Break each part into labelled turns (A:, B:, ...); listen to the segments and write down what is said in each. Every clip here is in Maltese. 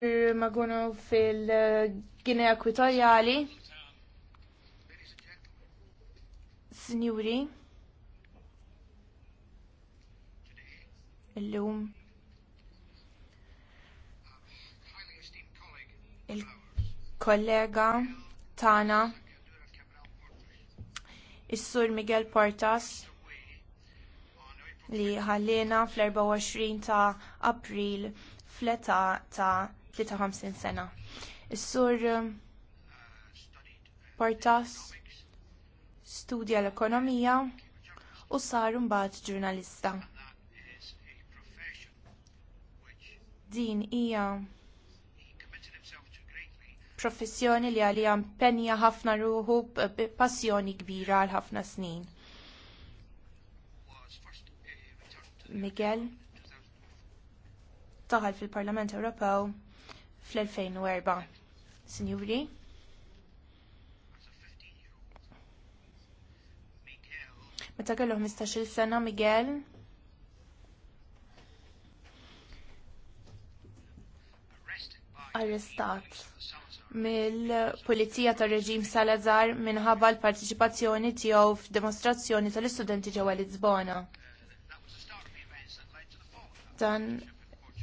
A: Magunu fil-Ginea Ekwatorjali. Signuri, illum il-kollega tana is-sur Miguel Portas li ħallina fl-24 ta' April fl-età ta' 53 sena. Is-sur um, Portas studja l-ekonomija u sar mbagħad ġurnalista. Din hija professjoni li għalija penja ħafna ruħu b'passjoni kbira għal ħafna snin. Miguel taħal fil-Parlament Ewropew fl-2004. Sinjuri, meta kellu 15-il sena Miguel arrestat mill-Pulizija tar reġim Salazar minħabba l-partiċipazzjoni tiegħu f'dimostrazzjoni tal-istudenti ġewwa Lizbona. Dan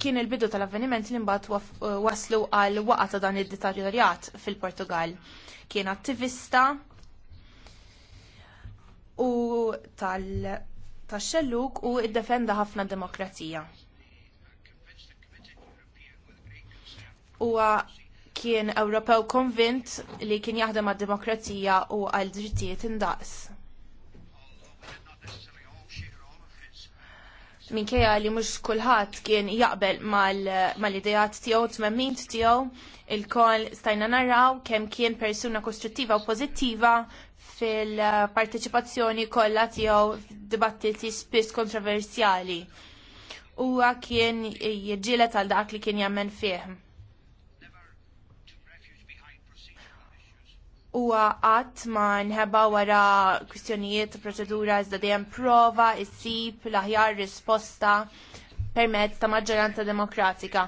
A: kien il-bidu tal-avveniment li mbagħad waslu għal waqa ta' dan id-deteriorat fil-Portugal. Kien attivista u tal-xelluk u id-defenda ħafna demokrazija. U kien Ewropew konvint li kien jaħdem għad-demokrazija u għal drittijiet indaqs. minkejja li mhux kulħadd kien jaqbel mal-idejat tiegħu tmemmint tiegħu il-kol stajna narraw kemm kien persuna kostruttiva u pożittiva fil-parteċipazzjoni kollha tiegħu f'dibattiti spiss kontroversjali. Huwa kien jieġilet għal dak li kien jemmen fih. huwa qatt ma nħeba wara kwistjonijiet proċedura iżda dejjem prova issib l-aħjar risposta permezz ta' maġġoranza demokratika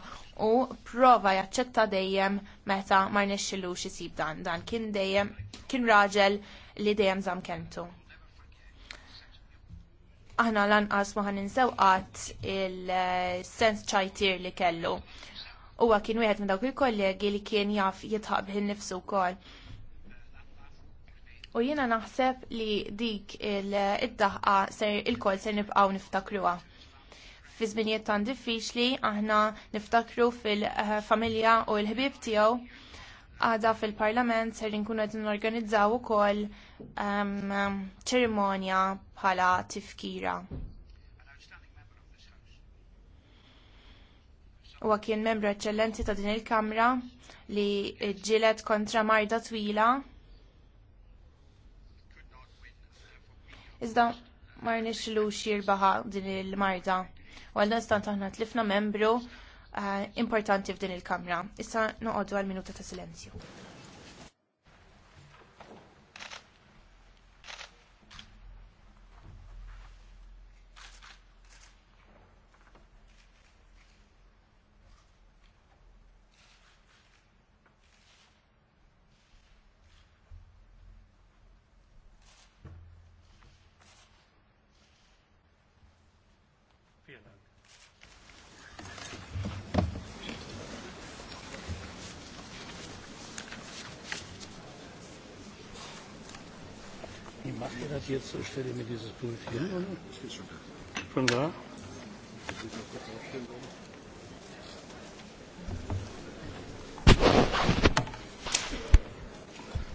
A: u prova jaċċetta dejjem meta ma rnexxilux isib dan. Dan kien dejjem kien raġel li dejjem żamm Aħna lanqas ma ħaninsew qatt il-sens ċajtir li kellu. Huwa kien wieħed minn dawk il-kollegi li kien jaf jitħab ħin nifsu wkoll U jiena naħseb li dik id-daħqa ser il-kol ser nibqgħu niftakruha. Fi żminijiet tan diffiċli aħna niftakru fil-familja u l-ħbieb tiegħu għada fil-parlament ser nkunu qed norganizzaw ukoll ehm, ċerimonja bħala tifkira. Huwa kien membru eċċellenti ta' din il-Kamra li ġilet kontra marda twila iżda mar nixlux jirbaħa din il-marda. U għal stant taħna tlifna membru eh, importanti f'din il-kamra. Issa noqogħdu għal minuta ta' silenzju. Er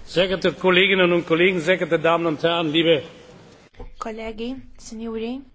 A: sehr geehrte Kolleginnen und Kollegen, sehr geehrte Damen und Herren, liebe Kollegen, Signori,